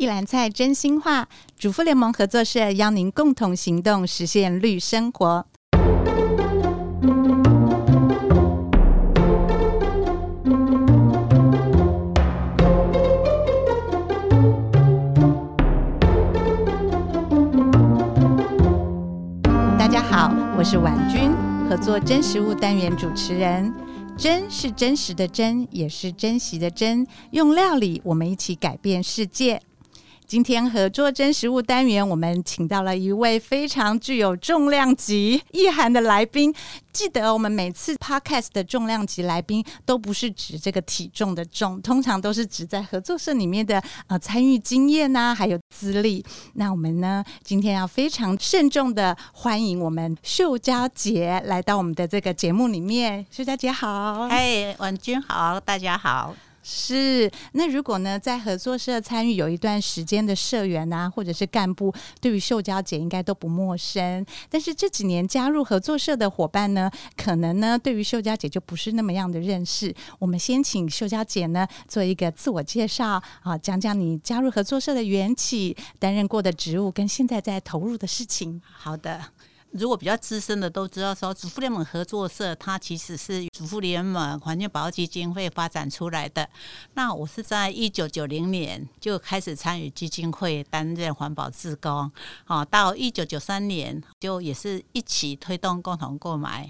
一籃菜，真心話，主婦聯盟合作社邀您共同行動，實現綠生活。大家好，我是婉君，合作真食物單元主持人。真，是真實的真，也是珍惜的珍。用料理，我們一起改變世界。今天合作真食物單元，我們請到了一位非常具有重量級意涵的來賓。記得我們每次 podcast 的重量級來賓，都不是指這個體重的重，通常都是指在合作社裡面的呃參與經驗吶、啊，還有資歷。那我們呢，今天要非常慎重的歡迎我們秀嬌姐來到我們的這個節目裡面。秀嬌姐好，哎，婉君好，大家好。是，那如果呢，在合作社參與有一段時間的社員啊，或者是幹部，對於秀嬌姐應該都不陌生。但是這幾年加入合作社的夥伴呢，可能呢，對於秀嬌姐就不是那麼樣的認識。我們先請秀嬌姐呢做一個自我介紹啊，講講你加入合作社的緣起、擔任過的職務跟現在在投入的事情。好的。如果比較資深的都知道，說主婦聯盟合作社，它其實是主婦聯盟環境保護基金會發展出來的。那我是在一九九零年就開始參與基金會擔任環保志工，啊，到一九九三年就也是一起推動共同購買。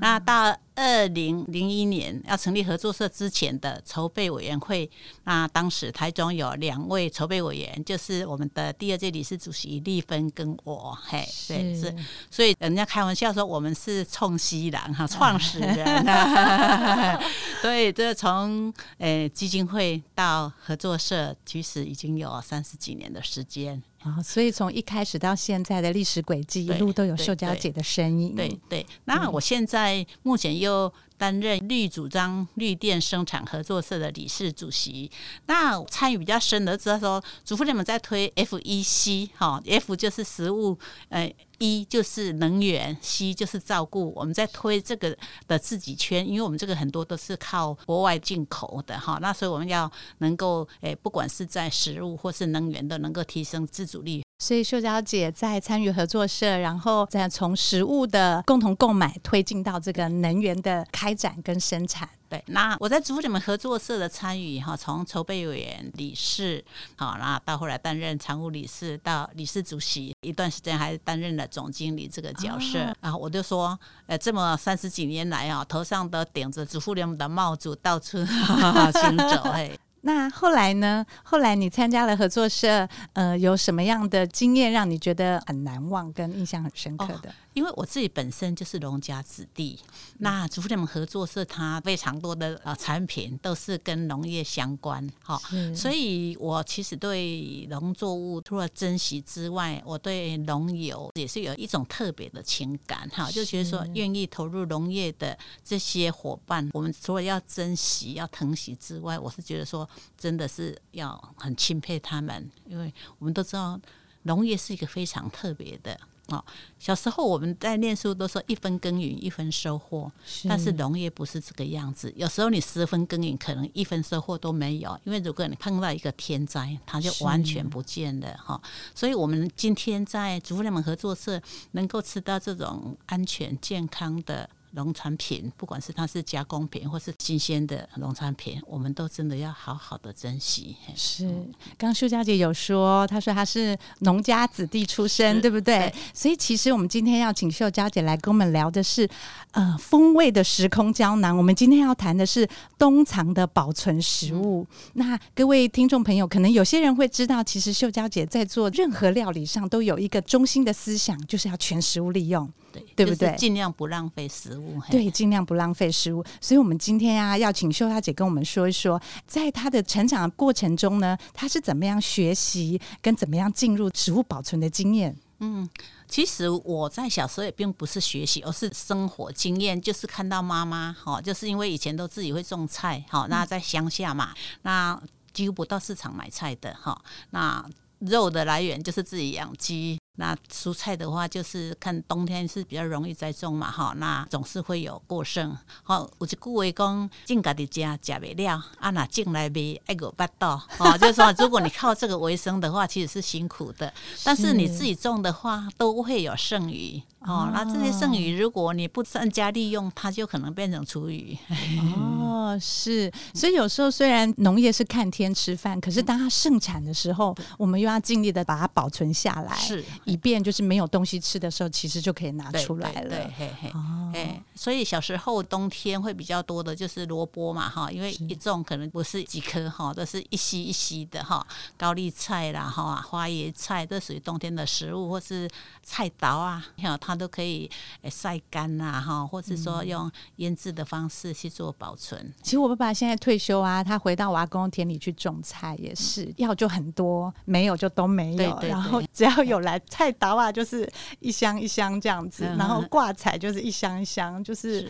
那到二零零一年要成立合作社之前的籌備委員會，那當時台中有兩位籌備委員，就是我們的第二屆理事主席立芬跟我，嘿，是對，是，所以人家開玩笑說我們是創西人哈，創始人。啊、 對，這從呃基金會到合作社，其實已經有三十幾年的時間。啊、哦，所以從一開始到現在的歷史軌跡，一對路都有秀嬌姐的身影。對對，對嗯、那我現在目前又，擔任綠主張綠電生產合作社的理事主席，那參與比較深的，知道說，主婦你們在推 F E C 哈、哦、F 就是食物，呃，E 就是能源，C 就是照顧，我們在推這個的自己圈，因為我們這個很多都是靠國外進口的哈、哦，那所以我們要能夠，誒、欸，不管是在食物或是能源的，能夠提升自主力。所以秀嬌姐在參與合作社，然後這樣從食物的共同購買推進到這個能源的開展跟生產。對，那我在主婦聯盟合作社的參與哈，從籌備委員、理事，好，啦，到後來擔任常務理事，到理事主席，一段時間還擔任了總經理這個角色。啊、然後我就說，呃，這麼三十幾年來啊，頭上都頂着主婦聯盟的帽子，到處 行走，嘿。那後來呢？後來你參加了合作社，呃，有什麼樣的經驗讓你覺得很難忘、跟印象很深刻的、哦？因為我自己本身就是農家子弟，嗯、那主婦聯盟合作社它非常多的呃產品都是跟農業相關，哈、哦，是所以，我其實對農作物除了珍惜之外，我對農友也是有一種特別的情感，哈、哦，就覺得說願意投入農業的這些夥伴，是我們除了要珍惜、要疼惜之外，我是覺得說。真的是要很欽佩他們，因為我們都知道農業是一個非常特別的哦。小時候我們在念書都說一分耕耘，一分收穫，是，但是農業不是這個樣子。有時候你十分耕耘，可能一分收穫都沒有，因為如果你碰到一個天災，它就完全不見了哈是、哦。所以我們今天在主婦聯盟合作社能夠吃到這種安全健康的。農產品，不管是它是加工品或是新鮮的農產品，我們都真的要好好的珍惜。是，剛剛秀嬌姐有說，她說她是農家子弟出身，是對不對？對。所以其實我們今天要請秀嬌姐來跟我們聊的是，呃，風味的時空膠囊。我們今天要談的是冬藏的保存食物。嗯。那各位聽眾朋友，可能有些人會知道，其實秀嬌姐在做任何料理上都有一個中心的思想，就是要全食物利用。對，對不對？盡量不浪費食物。對，嘿對，盡量不浪費食物。所以，我們今天啊，要請秀嬌姐跟我們說一說，在她的成長的過程中呢，她是怎麼樣學習，跟怎麼樣進入食物保存的經驗。嗯，其實我在小時候也並不是學習，而是生活經驗，就是看到媽媽，好、哦，就是因為以前都自己會種菜，好、哦，那在鄉下嘛，那幾乎不到市場買菜的，哈、哦，那肉的來源就是自己養雞。那蔬菜的話，就是看冬天是比較容易栽種嘛，哈，那總是會有過剩。好，我就顧維講，進家的家家的料，啊，那進來別挨個不到。 哦，就是說，如果你靠這個為生的話，其實是辛苦的。 但是你自己種的話，都會有剩餘。是哦，那這些剩餘，如果你不增加利用，它就可能變成廚餘。 哦，是。所以有時候雖然農業是看天吃飯，可是當它盛產的時候，嗯、我們又要盡力的把它保存下來。是。以便就是沒有東西吃的時候，其實就可以拿出來了。對，對，嘿嘿，哎、oh. 欸，所以小時候冬天會比較多的就是蘿蔔嘛，哈，因為一種可能不是幾顆哈，都是一畦一畦的哈。高麗菜啦，哈，花椰菜，這屬於冬天的食物，或是菜刀啊，哈，它都可以曬乾啊，哈，或是說用醃製的方式去做保存。嗯、其實我爸爸現在退休啊，他回到我阿公田裡去種菜也是，嗯、要就很多，沒有就都沒有，對對對，然後只要有來。泰達瓦就是一箱一箱這樣子，的然後掛彩就是一箱一箱，就是。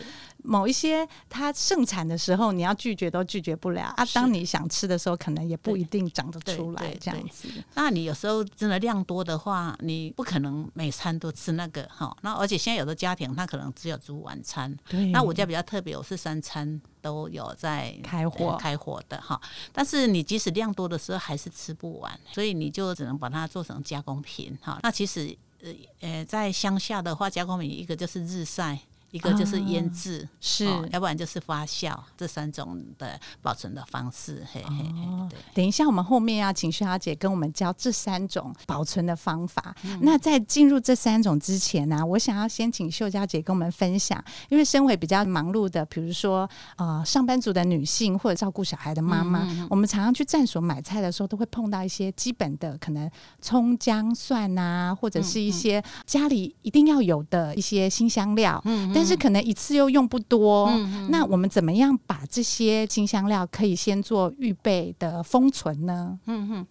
某一些它盛產的時候，你要拒絕都拒絕不了是啊。當你想吃的時候，可能也不一定長得出來這樣子。那你有時候真的量多的話，你不可能每餐都吃那個哈。那而且現在有的家庭，他可能只有煮晚餐。對那我家比較特別，我是三餐都有在開火、呃、開火的哈。但是你即使量多的時候，還是吃不完，所以你就只能把它做成加工品哈。那其實呃呃，在鄉下的話，加工品一個就是日曬。一個就是醃製，啊、是、哦，要不然就是發酵，這三種的保存的方式。嘿嘿嘿，對。等一下，我們後面要請秀嬌姐跟我們教這三種保存的方法。嗯、那在進入這三種之前呢，我想要先請秀嬌姐跟我們分享，因為身為比較忙碌的，比如說呃上班族的女性或者照顧小孩的媽媽，嗯嗯、我們常常去站所買菜的時候，都會碰到一些基本的，可能蔥薑蒜啊，或者是一些家裡一定要有的一些辛香料。嗯嗯但是可能一次又用不多，嗯、哼那我們怎麼樣把這些清香料可以先做預備的封存呢？嗯嗯。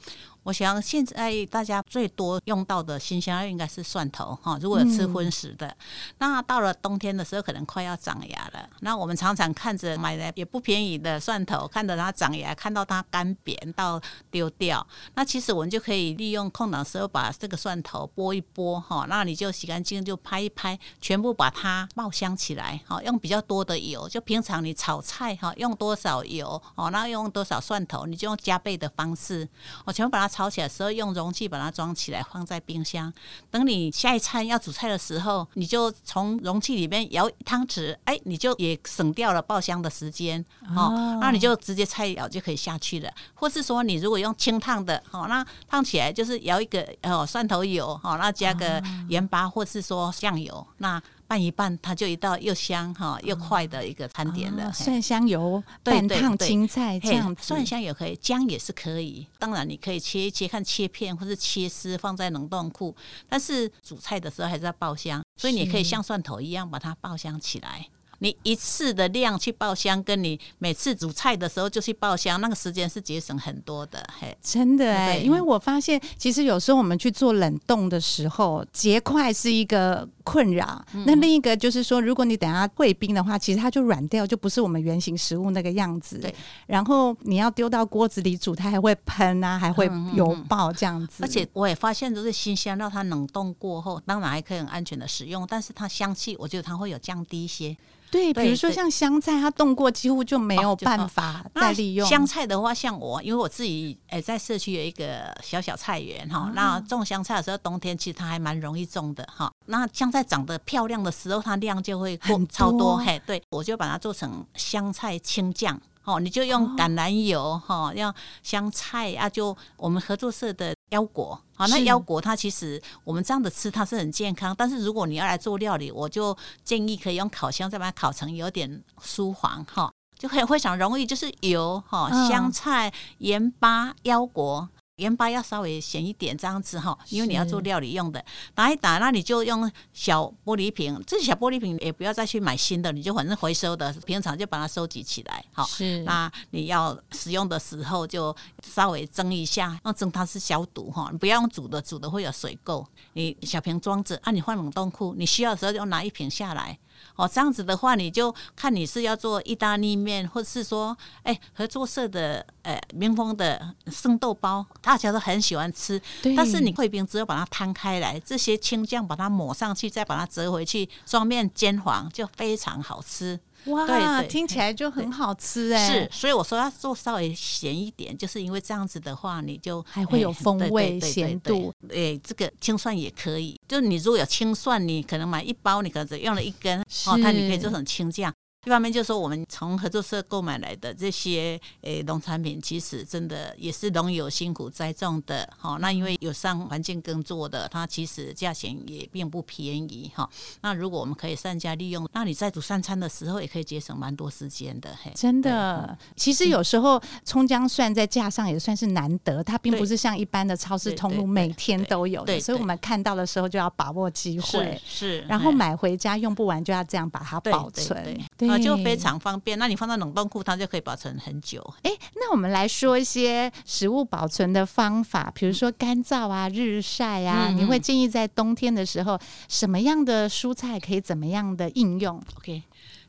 我想現在大家最多用到的辛香料應該是蒜頭哈，如果有吃葷食的，嗯、那到了冬天的時候，可能快要長芽了。那我們常常看着買的也不便宜的蒜頭，看着它長芽，看到它乾扁到丟掉，那其實我們就可以利用空檔的時候把這個蒜頭剝一剝哈，那你就洗乾淨就拍一拍，全部把它爆香起來。哈，用比較多的油，就平常你炒菜哈用多少油哦，那用多少蒜頭，你就用加倍的方式，我全部把它。炒起來時候用容器把它裝起來，放在冰箱，等你下一餐要煮菜的時候，你就從容器裡面舀湯匙，哎、欸，你就也省掉了爆香的時間哦、哦。那你就直接菜舀就可以下去了。或是說，你如果用清燙的，好、哦，那燙起來就是舀一個哦蒜頭油，好、哦，那加個鹽巴，或是說醬油，哦、那。拌一拌，它就一道又香哈、哦、又快的一個餐點了、啊、蒜香油。嘿對對，燙青菜這樣蒜香油可以，薑也是可以。當然，你可以切一切，看切片或是切絲放在冷凍庫，但是煮菜的時候還是要爆香，所以你可以像蒜頭一樣把它爆香起來。你一次的量去爆香，跟你每次煮菜的時候就去爆香，那個時間是節省很多的，嘿，真的、欸，對，因為我發現，其實有時候我們去做冷凍的時候，結塊是一個困擾。那另一個就是說，如果你等下會冰的話，其實它就軟掉，就不是我們原型食物那個樣子。對，然後你要丟到鍋子裡煮，它還會噴啊，還會油爆這樣子。嗯嗯，而且我也發現，就是辛香料它冷凍過後，當然還可以很安全的使用，但是它香氣，我覺得它會有降低一些。對，比如說像香菜，它凍過幾乎就沒有辦法再利用。那香菜的話，像我，因為我自己誒在社區有一個小小菜園哈，那、嗯、種香菜的時候，冬天其實它還蠻容易種的哈。那香菜長得漂亮的時候，它量就會過多超多嘿。對，我就把它做成香菜青醬。哦，你就用橄欖油哈，要、哦哦、香菜啊，就我們合作社的腰果啊是、哦，那腰果它其實我們這樣的吃它是很健康，但是如果你要來做料理，我就建議可以用烤箱再把它烤成有點酥黃哈、哦，就會非常容易，就是油哈、哦嗯、香菜、鹽巴、腰果。鹽巴要稍微鹹一點，這樣子哈，因為你要做料理用的。是打一打，那你就用小玻璃瓶，這小玻璃瓶也不要再去買新的，你就反正回收的，平常就把它收集起來，好。是，那你要使用的時候就稍微蒸一下，用蒸它是消毒哈，不要用煮的，煮的會有水垢。你小瓶裝着，那、啊、你換冷凍庫，你需要的時候就拿一瓶下來。哦，這樣子的話，你就看你是要做意大利麵，或是說，哎、欸，合作社的呃，民豐的生豆包，大家都很喜歡吃。對但是你貴賓只要把它攤開來，這些青醬把它抹上去，再把它折回去，雙面煎黃，就非常好吃。哇，對對對，聽起來就很好吃哎、欸！是，所以我說要做稍微鹹一點，就是因為這樣子的話，你就還會有風味、鹹、欸、度、欸。這個青蒜也可以，就是你如果有青蒜，你可能買一包，你可能只用了一根，是哦，它，你可以做成青醬。一方面就是說，我們從合作社購買來的這些欸，農產品，其實真的也是農友辛苦栽種的，哦、那因為有善環境耕作的，它其實價錢也並不便宜，哈、哦。那如果我們可以善加利用，那你在煮三餐的時候，也可以節省蠻多時間的，嘿。真的，對其實有時候蔥薑蒜在架上也算是難得，它並不是像一般的超市通路每天都有。對對對，所以我們看到的時候就要把握機會，是。是然後買回家用不完，就要這樣把它保存，對。對對對啊，就非常方便。那你放到冷凍庫，它就可以保存很久。誒、欸，那我們來說一些食物保存的方法，比如說乾燥啊、日曬啊。嗯、你會建議在冬天的時候，什麼樣的蔬菜可以怎麼樣的應用？OK，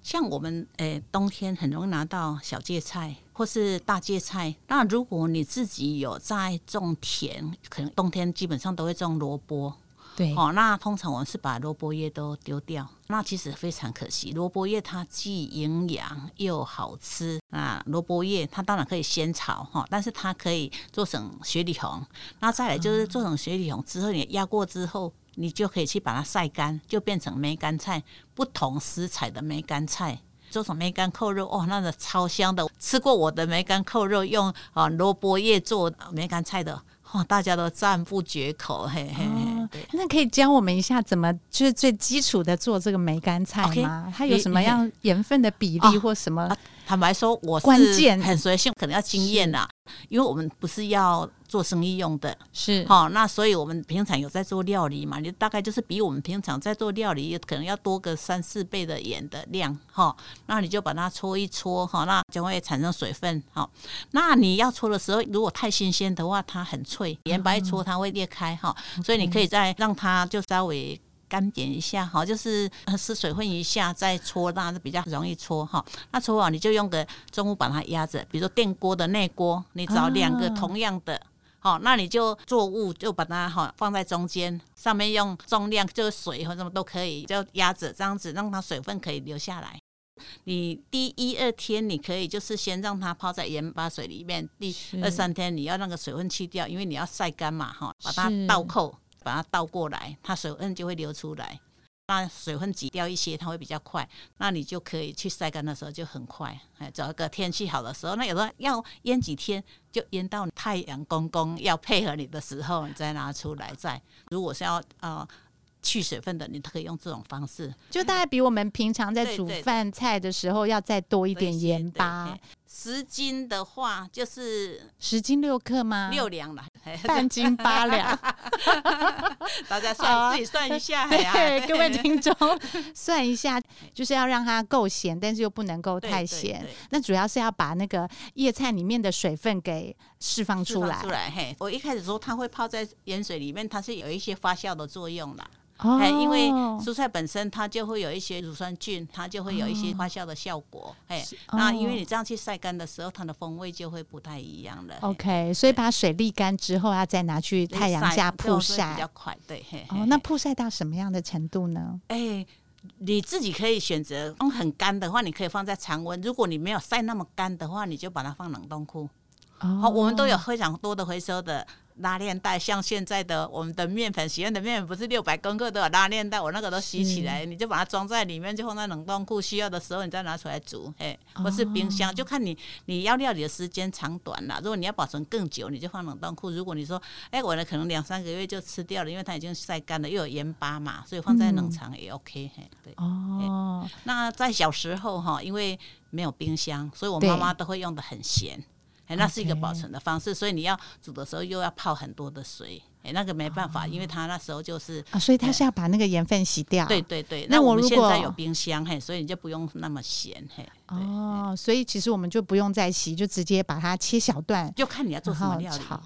像我們誒、欸，冬天很容易拿到小芥菜或是大芥菜。那如果你自己有在種田，可能冬天基本上都會種蘿蔔。對，哦，那通常我們是把蘿蔔葉都丟掉，那其實非常可惜。蘿蔔葉它既營養又好吃啊！那蘿蔔葉它當然可以先炒哈，但是它可以做成雪裡紅，那再來就是做成雪裡紅之後，你壓過之後，你就可以去把它曬乾，就變成梅乾菜。不同食材的梅乾菜做成梅乾扣肉，哦，那個超香的！吃過我的梅乾扣肉，用啊蘿蔔葉做梅乾菜的，哦，大家都讚不絕口，嘿嘿嘿。哦那可以教我們一下怎麼就是最基礎的做這個梅乾菜嗎？Okay. 它有什麼樣鹽分的比例或什麼？Okay. Okay. Oh. 坦白說，我關鍵很隨性，可能要經驗啦。是因為我們不是要做生意用的，是好、哦，那所以我們平常有在做料理嘛，你大概就是比我們平常在做料理可能要多個三四倍的鹽的量，哈、哦，那你就把它搓一搓，哈、哦，那就會產生水分，哈、哦，那你要搓的時候，如果太新鮮的話，它很脆，鹽巴一搓它會裂開，哈、哦，Okay. 所以你可以再讓它就稍微。乾點一下，好，就是濕水分一下再搓，那比較容易搓哈。那搓好你就用個重物把它壓着，比如說電鍋的內鍋，你找兩個同樣的，好、啊，那你就作物就把它好放在中間，上面用重量就是水或者什麼都可以，就壓着這樣子，讓它水分可以流下來。你第一二天你可以就是先讓它泡在鹽巴水裡面，第二是三天你要那個水分去掉，因為你要曬乾嘛哈，把它倒扣。把它倒過來，它水分就會流出來。那水分擠掉一些，它會比較快。那你就可以去曬乾的時候就很快。哎、欸，找個天氣好的時候，那有時候要醃幾天，就醃到太陽公公要配合你的時候，你再拿出來再。如果是要、呃、去水分的，你都可以用這種方式。就大概比我們平常在煮飯菜的時候要再多一點鹽巴。對對對，十斤的話，就是十斤六克嗎？六兩了。半斤八兩， 大家算、啊、自己算一下。對，各位聽眾， 算一下，就是要讓它夠鹹，但是又不能夠太鹹。對對對對，那主要是要把那個葉菜裡面的水分給釋放出來，放出來。我一開始說它會泡在鹽水裡面，它是有一些發酵的作用啦。哦、因為蔬菜本身它就會有一些乳酸菌，它就會有一些發酵的效果。哎、哦，欸哦、那因為你這樣去曬乾的時候，它的風味就會不太一樣了。OK，對所以把水瀝乾之後，要再拿去太陽下曝曬比較快。對，哦，那曝曬到什麼樣的程度呢？誒、欸，你自己可以選擇，嗯，很乾的話，你可以放在常溫；如果你沒有曬那麼乾的話，你就把它放冷凍庫。哦好，我們都有非常多的回收的。拉鏈袋像現在的我們的麵粉，洗完的麵粉不是六百公克的拉鏈袋，我那個都洗起來，嗯、你就把它裝在裡面，就放在冷凍庫，需要的時候你再拿出來煮，誒，不、哦、是冰箱，就看你你要料理的時間長短了。如果你要保存更久，你就放冷凍庫；如果你說，哎、欸，我呢可能兩三個月就吃掉了，因為它已經曬乾了，又有鹽巴嘛，所以放在冷藏也 OK，嗯。嘿，對，哦，那在小時候哈，因為沒有冰箱，所以我媽媽都會用得很鹹。哎、欸，那是一個保存的方式，Okay 所以你要煮的時候又要泡很多的水。哎、欸，那個沒辦法，哦、因為他那時候就是啊，所以他是要把那個鹽分洗掉、嗯。對對對，那我如果我們現在有冰箱，嘿、欸，所以你就不用那麼鹹，嘿、欸。哦，所以其實我們就不用再洗，就直接把它切小段，就看你要做什麼料理炒。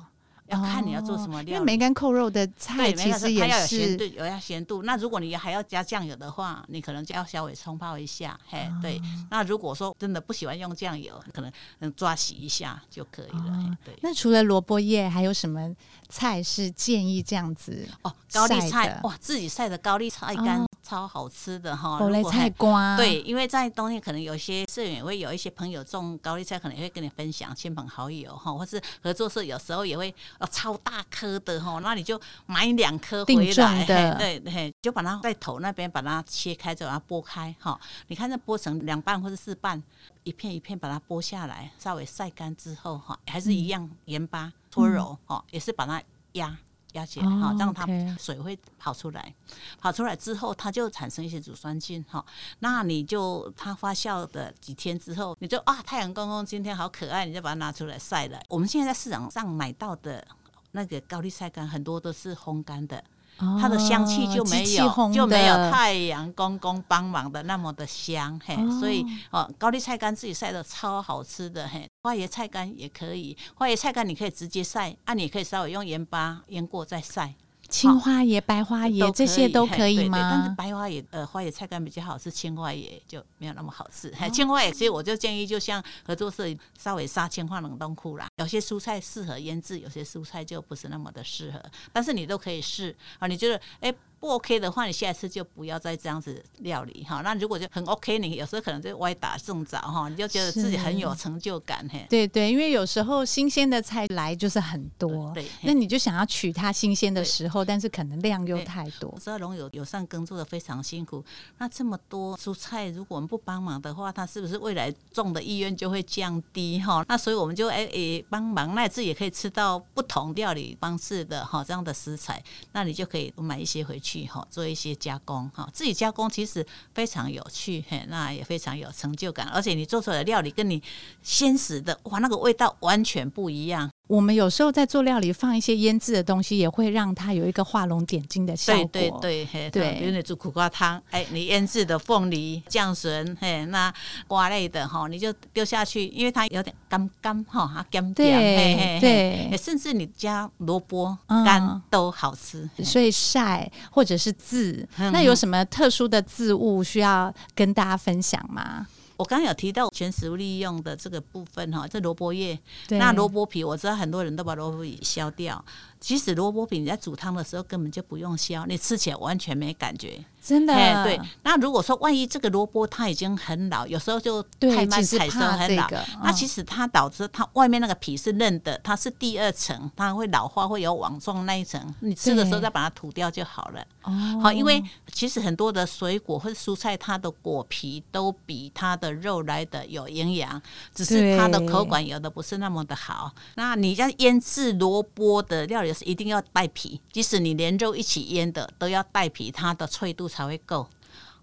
要看你要做什麼料，哦，因為梅乾扣肉的菜對其實也是它要有鹹度，有要鹹度。那如果你還要加醬油的話，你可能就要稍微沖泡一下。哦、嘿，對。那如果說真的不喜歡用醬油，可能抓洗一下就可以了。哦、對。那除了蘿蔔葉，還有什麼菜是建議這樣子？哦，高麗菜，哇，自己曬的高麗菜乾。哦超好吃的哈！高麗菜瓜，對，因為在冬天可能有些社員也會有一些朋友種高麗菜，可能也會跟你分享親朋好友哈，或是合作社有時候也會呃、哦、超大顆的哈，那你就買兩顆回來定的對對，對，就把它在頭那邊把它切開，就把它剝開哈。你看這剝成兩半或者四半，一片一片把它剝下來，稍微曬乾之後哈，還是一樣鹽、嗯、巴搓揉哈，嗯、也是把它壓。壓緊哈，讓、oh, okay. 它水會跑出來，跑出來之後它就產生一些乳酸菌哈。那你就它發酵的幾天之後，你就啊，太陽公公今天好可愛，你就把它拿出來曬了。我們現在在市場上買到的那個高麗曬乾，很多都是烘乾的。它的香氣就沒有、哦、七七就沒有太陽公公幫忙的那麼的香嘿，哦、所以哦，高麗菜乾自己曬的超好吃的嘿，花椰菜乾也可以，花椰菜乾你可以直接曬，啊，你可以稍微用鹽巴醃過再曬。青花椰，哦、白花椰這些都可以嗎？對對對，但是白花椰呃花椰菜乾比較好吃，青花椰就沒有那麼好吃。哦、青花椰，所以我就建議，就像合作社稍微殺青放冷凍庫啦。有些蔬菜適合醃製，有些蔬菜就不是那麼的適合，但是你都可以試啊。你覺得誒？欸不 OK 的話，你下次就不要再這樣子料理哈。那如果就很 OK，你有時候可能就歪打正着哈，你就覺得自己很有成就感嘿。對對，因為有時候新鮮的菜來就是很多，對對，那你就想要取它新鮮的時候，對但是可能量又太多。我知道龍有有上耕作的非常辛苦，那這麼多蔬菜，如果我們不幫忙的話，他是不是未來種的意願就會降低哈？那所以我們就哎也、欸欸、幫忙，那自己也可以吃到不同料理方式的哈這樣的食材，那你就可以買一些回去。去哈做一些加工哈，自己加工其實非常有趣，那也非常有成就感，而且你做出來的料理跟你現實的哇，那個味道完全不一樣。我們有時候在做料理，放一些醃製的東西，也會讓它有一個畫龍點睛的效果。對對對，對，比如你煮苦瓜湯，哎、欸，你醃製的鳳梨、醬筍，嘿、欸，那瓜類的哈，你就丟下去，因為它有點乾乾哈，它乾掉。甘甘對、欸、嘿嘿對、欸，甚至你加蘿蔔乾都好吃。嗯欸、所以曬或者是漬，嗯、那有什麼特殊的漬物需要跟大家分享嗎？我剛剛有提到全食物利用的這個部分哈，這蘿蔔葉，對那蘿蔔皮，我知道很多人都把蘿蔔皮削掉。其實蘿蔔皮你在煮湯的時候根本就不用削，你吃起來完全沒感覺，真的。對，那如果說萬一這個蘿蔔它已經很老，有時候就太慢採收很老，其這個哦、那其實它導致它外面那個皮是嫩的，它是第二層，它會老化會有網狀那一層，對你吃的時候再把它吐掉就好了。哦，好，因為其實很多的水果或者蔬菜，它的果皮都比它的肉來的有營養，只是它的口感有的不是那麼的好。對那你要醃制蘿蔔的料理。一定要帶皮，即使你連肉一起醃的，都要帶皮，它的脆度才會夠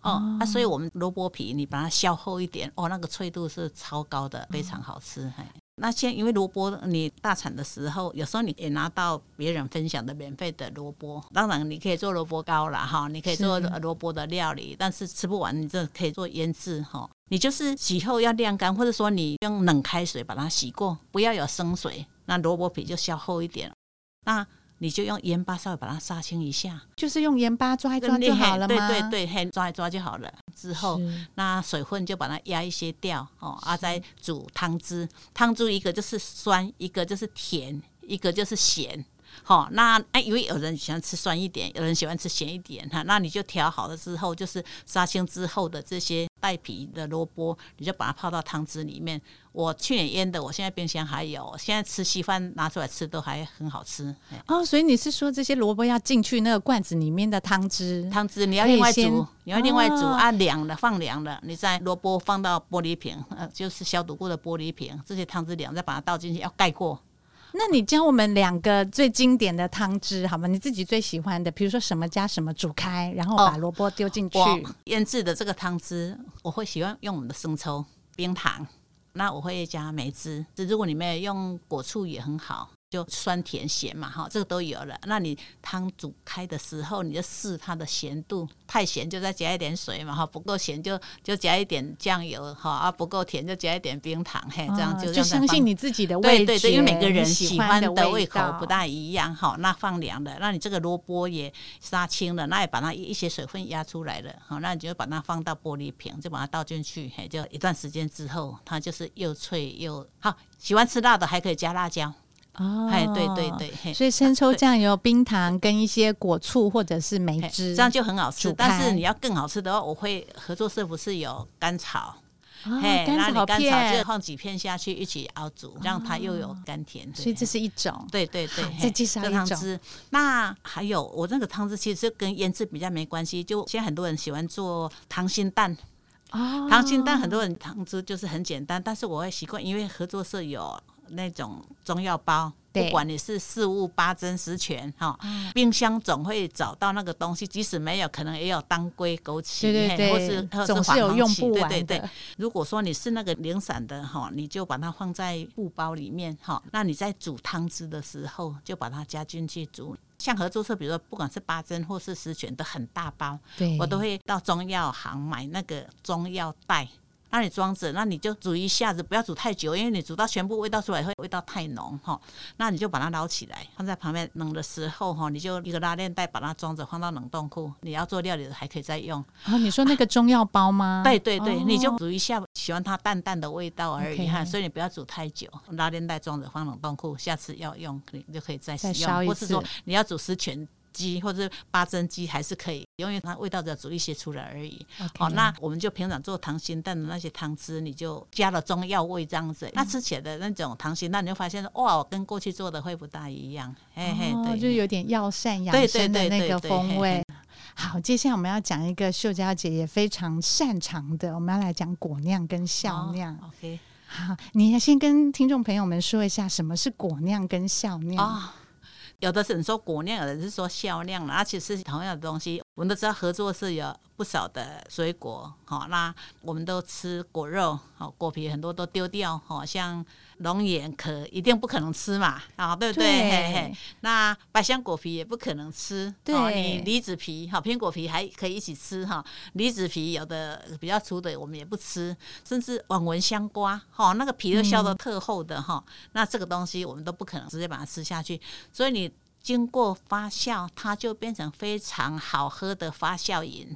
哦。那、嗯啊、所以我們蘿蔔皮，你把它削厚一點哦，那個脆度是超高的，非常好吃。那現因為蘿蔔你大產的時候，有時候你也拿到別人分享的免費的蘿蔔，當然你可以做蘿蔔糕啦，哈、哦，你可以做蘿蔔的料理，是但是吃不完，你就可以做醃制哈、哦。你就是洗後要晾乾，或者說你用冷開水把它洗過，不要有生水，那蘿蔔皮就削厚一點。那你就用鹽巴稍微把它殺青一下，就是用鹽巴抓一抓就好了嗎？Hand, 對對對，先抓一抓就好了。之後，是那水分就把它壓一些掉哦，啊，再煮湯汁。湯汁一個就是酸，一個就是甜，一個就是鹹。好，哦，那，哎，因為有人喜歡吃酸一點，有人喜歡吃鹹一點哈。那你就調好了之後，就是殺青之後的這些。帶皮的蘿蔔，你就把它泡到湯汁裡面。我去年醃的，我現在冰箱還有，現在吃稀飯拿出來吃都還很好吃。哦，所以你是說這些蘿蔔要進去那個罐子裡面的湯汁？湯汁你要另外煮，你要另外煮，哦，啊，涼了放涼了，你再蘿蔔放到玻璃瓶，呃、就是消毒過的玻璃瓶，這些湯汁涼再把它倒進去，要蓋過。那你教我們兩個最經典的湯汁好嗎？你自己最喜歡的，比如說什麼加什麼煮開，然後把蘿蔔丟進去。哦、我醃製的這個湯汁，我會喜歡用我們的生抽、冰糖。那我會加梅汁，這如果你們用果醋也很好。就酸甜鹹嘛，哈，這個都有了。那你湯煮開的時候，你就試它的鹹度，太鹹就再加一點水嘛，哈，不夠鹹就就加一點醬油，哈，啊不夠甜就加一點冰糖，嘿、啊，這樣就這樣就相信你自己的味覺，對，對，對，對，因為每個人喜歡的胃口不大一樣，哈。那放涼了，那你這個蘿蔔也殺青了，那也把它一些水分壓出來了，好，那你就把它放到玻璃瓶，就把它倒進去，就一段時間之後，它就是又脆又好。喜歡吃辣的還可以加辣椒。哦，對對對，所以生抽、醬油、冰糖跟一些果醋或者是梅汁，這樣就很好吃。但是你要更好吃的話，我會合作社不是有甘草，然後你甘草就放幾片下去一起熬煮，讓它又有甘甜。所以這是一種，對對對，這是一種湯汁。那還有，我那個湯汁其實跟醃製比較沒關係。就現在很多人喜歡做溏心蛋，溏心蛋很多人湯汁就是很簡單，但是我會習慣，因為合作社有。那種中藥包，對不管你是四物、八珍、十全哈，冰箱總會找到那個東西。即使沒有，可能也有當歸、枸杞，對對對或者是或者是黃芪。對對對，如果說你是那個零散的哈，你就把它放在布包裡面哈。那你在煮湯汁的時候，就把它加進去煮。像合作社，比如說不管是八珍或是十全都很大包，對我都會到中藥行買那個中藥袋。那你裝着，那你就煮一下子，不要煮太久，因為你煮到全部味道出來會味道太濃哈。那你就把它撈起來，放在旁邊冷的時候哈，你就一個拉鏈袋把它裝着放到冷凍庫。你要做料理的還可以再用。後、哦、你說那個中藥包嗎、啊？對對對，哦、你就煮一下，喜歡它淡淡的味道而已哈，Okay. 所以你不要煮太久。拉鏈袋裝着放冷凍庫，下次要用你就可以再使用。再燒一次。或是說你要煮十全。雞或者八珍雞還是可以，因為它味道要煮一些出來而已。Okay. 哦，那我們就平常做溏心蛋的那些湯汁，你就加了中藥味這樣子。嗯、那吃起來的那種溏心蛋，那你就發現哇，跟過去做的會不大一樣。哦、嘿嘿，對就有點藥膳養生的那個風味。好，接下來我們要講一個秀嬌姐也非常擅長的，我們要來講果釀跟酵釀、哦。OK，好，你先跟聽眾朋友們說一下什麼是果釀跟酵釀？有的是你說果釀，有的是人說酵釀，而且是同樣的東西，我們都知道合作是有不少的水果，好，那我們都吃果肉，好，果皮很多都丟掉，好像龍眼殼一定不可能吃嘛，啊對不對？對，那百香果皮也不可能吃，對，你梨子皮，好，蘋果皮還可以一起吃哈，梨子皮有的比較粗的我們也不吃，甚至網紋香瓜，好，那個皮都削的特厚的哈，嗯，那這個東西我們都不可能直接把它吃下去，所以你經過發酵，它就變成非常好喝的發酵飲。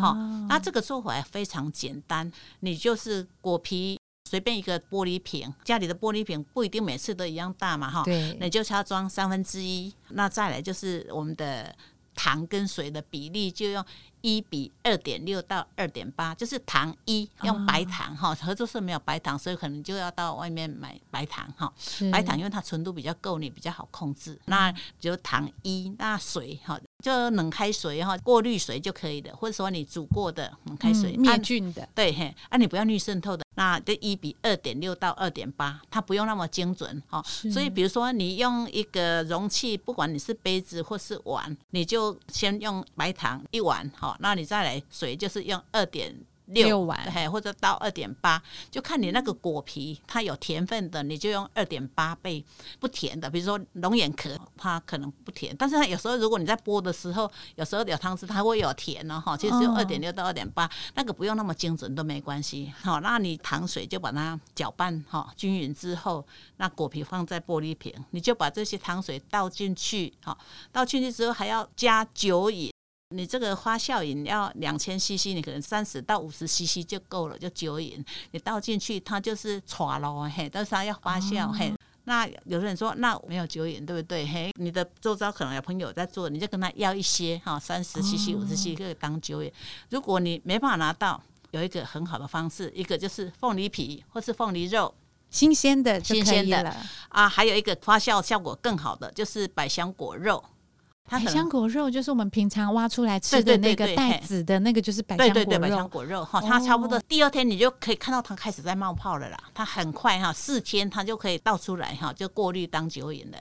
好，哦，那這個做法非常簡單，你就是果皮隨便一個玻璃瓶，家裡的玻璃瓶不一定每次都一樣大嘛，哈，對，你就是要裝三分之一，3, 那再來就是我們的糖跟水的比例，就用。一比二點六到二點八，就是糖一用白糖哈，哦、合作社沒有白糖，所以可能就要到外面買白糖哈。是白糖因為它純度比較夠，你比較好控制。那比如糖一，那水哈就冷開水哈，過濾水就可以的，或者說你煮過的冷開水。嗯、滅菌的、啊、對，那、啊、你不要濾滲透的。那這一比二點六到二點八，它不用那麼精準哈。是所以比如說你用一個容器，不管你是杯子或是碗，你就先用白糖一碗哈。那你再來水就是用二點六碗，或者到二點八，就看你那個果皮它有甜分的，你就用二點八倍；不甜的，比如說龍眼殼，它可能不甜，但是它有時候如果你在剝的時候，有時候有湯汁，它會有甜的。哈。其實用二點六到二點八，那個不用那麼精準都沒關係。好，那你糖水就把它攪拌哈均勻之後，那果皮放在玻璃瓶，你就把這些糖水倒進去。好，倒進去之後還要加酒飲。你這個發酵飲要兩千 CC，你可能三十到五十 CC 就夠了，就酒飲。你倒進去，它就是唰了。嘿，但是它要發酵、哦、嘿。那有的人說，那沒有酒飲對不對？嘿，你的周遭可能有朋友在做，你就跟他要一些哈，三十 CC、五十 CC 可以當酒飲。哦、如果你沒辦法拿到，有一個很好的方式，一個就是鳳梨皮或是鳳梨肉，新鮮的，的、新鮮的啊。還有一個發酵效果更好的，就是百香果肉。百香果肉就是我們平常挖出來吃的那個帶籽的那個，就是百香果肉哈。它差不多第二天你就可以看到它開始在冒泡了啦。它很快哈，四天它就可以倒出來哈，就過濾當酒飲了。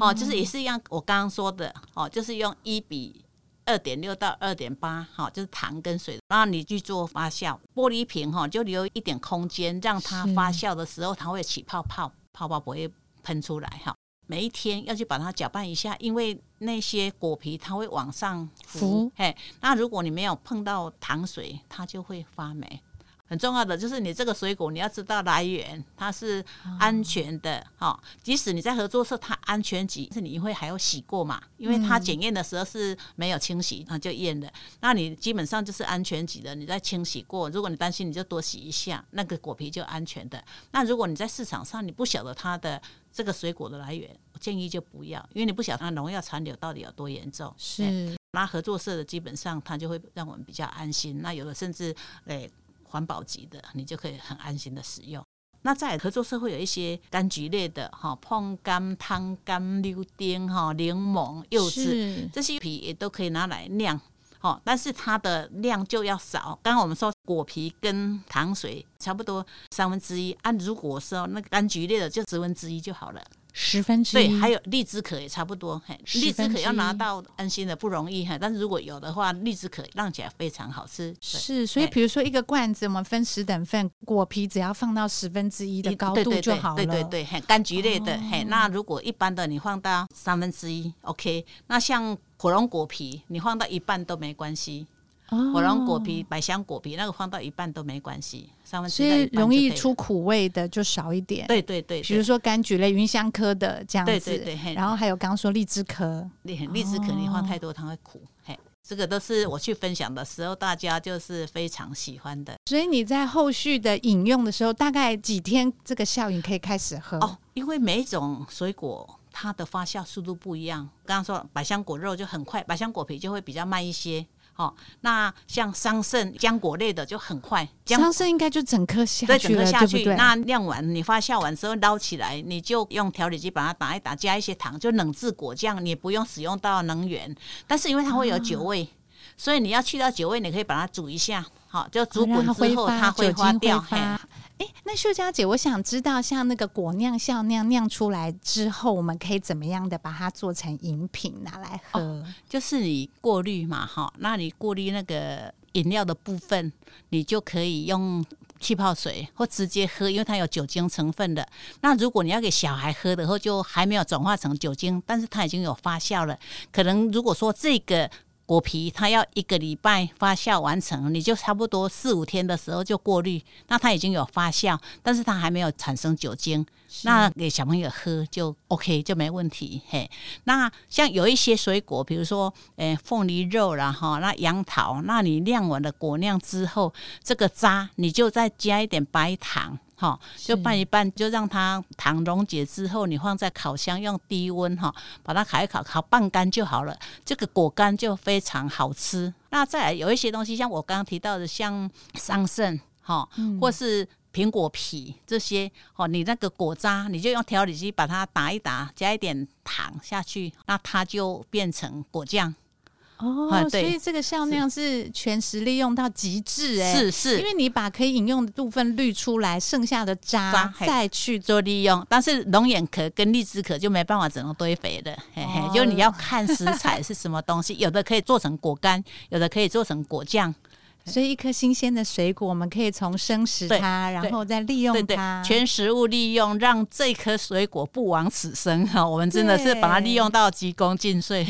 哦，就是也是一樣，我剛剛說的哦，就是用一比二點六到二點八哈，就是糖跟水，然後你去做發酵。玻璃瓶哈，就留一點空間，讓它發酵的時候是它會起泡泡，泡泡不會噴出來哈。每一天要去把它攪拌一下，因為那些果皮它會往上浮。哎是，那如果你沒有碰到糖水，它就會發霉。很重要的就是你這個水果，你要知道來源，它是安全的哈。嗯、即使你在合作社，它安全級，是你因為還要洗過嘛，因為它檢驗的時候是沒有清洗，它就驗的。那你基本上就是安全級的，你再清洗過。如果你擔心，你就多洗一下，那個果皮就安全的。那如果你在市場上，你不曉得它的這個水果的來源，我建議就不要，因為你不曉得它農藥殘留到底有多嚴重。是、嗯、那合作社的，基本上它就會讓我們比較安心。那有的甚至誒。欸環保級的，你就可以很安心的使用。那在合作社會有一些柑橘類的哈，椪、哦、柑、湯柑、柳丁哈、檸、哦、檬、柚子，是這些皮也都可以拿來釀。哈、哦，但是它的量就要少。剛剛我們說果皮跟糖水差不多三分之一，按、啊、如果說那個柑橘類的就十分之一就好了。十分之一，對，還有荔枝殼也差不多，嘿，荔枝殼要拿到安心的不容易，哈，但是如果有的話，荔枝殼晾起來非常好吃。是，所以比如說一個罐子，我們分十等份，果皮只要放到十分之一的高度就好了。對對對，嘿，柑橘類的，哦、嘿，那如果一般的你放到三分之一，OK，那像火龍果皮，你放到一半都沒關係。火龍果皮、百香果皮，那個放到一半都沒關係，上面以，所以容易出苦味的就少一點。對，對對對，比如說柑橘類、芸香科的這樣子。對對對，然後還有剛剛說荔枝科，荔枝科你放太多它會苦、哦。這個都是我去分享的時候，大家就是非常喜歡的。所以你在後續的飲用的時候，大概幾天這個酵飲可以開始喝？哦，因為每一種水果它的發酵速度不一樣。剛剛說百香果肉就很快，百香果皮就會比較慢一些。好、哦，那像桑葚、漿果類的就很快。桑葚應該就整顆下,下去，對，整顆下去。那晾完，你發酵完之後撈起來，你就用調理機把它打一打，加一些糖，就冷制果醬。你不用使用到能源，但是因為它會有酒味，啊、所以你要去掉酒味，你可以把它煮一下。好、哦，就煮滾之後，它、哦、揮發它會花掉。哎，那秀嬌姐，我想知道像那個果釀酵釀釀出來之後，我們可以怎麼樣的把它做成飲品拿來喝？哦、就是你過濾嘛，哈，那你過濾那個飲料的部分，你就可以用氣泡水或直接喝，因為它有酒精成分的。那如果你要給小孩喝的時候就還沒有轉化成酒精，但是它已經有發酵了。可能如果說這個。果皮它要一個禮拜發酵完成，你就差不多四五天的時候就過濾，那它已經有發酵，但是它還沒有產生酒精，是那給小朋友喝就 OK 就沒問題。嘿，那像有一些水果，比如說誒鳳梨肉啦，然後，哦，那楊桃，那你釀完了果釀之後，這個渣你就再加一點白糖。好、哦，就拌一拌，就讓它糖溶解之後，你放在烤箱用低溫哈、哦，把它烤一烤，烤半乾就好了。這個果乾就非常好吃。那再來有一些東西，像我剛剛提到的，像桑葚哈、哦，或是蘋果皮這些哦，你那個果渣，你就用調理機把它打一打，加一點糖下去，那它就變成果醬。哦，啊、對，所以這個酵釀是全食利用到極致哎、欸，是是，因為你把可以飲用的部分濾出來，剩下的渣，渣再去做利用，但是龍眼殼跟荔枝殼就沒辦法，只能堆肥的，哦、嘿嘿，就你要看食材是什麼東西， 有的可以做成果乾，有的可以做成果醬。所以，一顆新鮮的水果，我們可以從生食它，對然後再利用它，全食物利用，讓這顆水果不枉此生哈，對我們真的是把它利用到鞠躬盡瘁，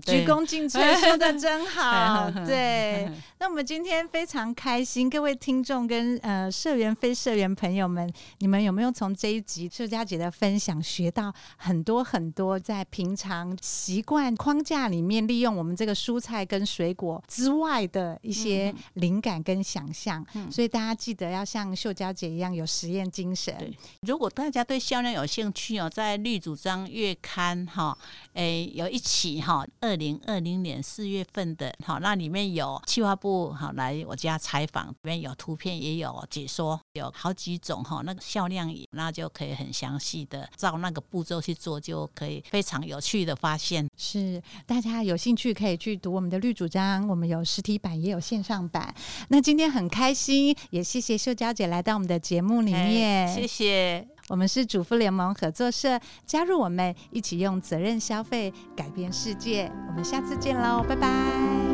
鞠躬盡瘁，說得真好。 對， 那我們今天非常開心，各位聽眾跟呃社員、非社員朋友們，你們有沒有從這一集秀嬌姐的分享學到很多很多，在平常習慣框架裡面利用我們這個蔬菜跟水果之外的一些。靈感跟想象，所以大家記得要像秀嬌姐一樣有實驗精神、嗯對。如果大家對銷量有興趣哦，在綠主張月刊哈，誒、欸、有一期哈，二零二零年四月份的哈，那裡面有企劃部哈來我家採訪，裡面有圖片也有解說，有好幾種哈，那個銷量那就可以很詳細的照那個步驟去做，就可以非常有趣的發現。是，大家有興趣可以去讀我們的綠主張，我們有實體版也有線上版。那今天很開心，也謝謝秀嬌姐來到我們的節目裡面。哎，謝謝，我們是主婦聯盟合作社，加入我們，一起用責任消費改變世界。我們下次見嘍，拜拜。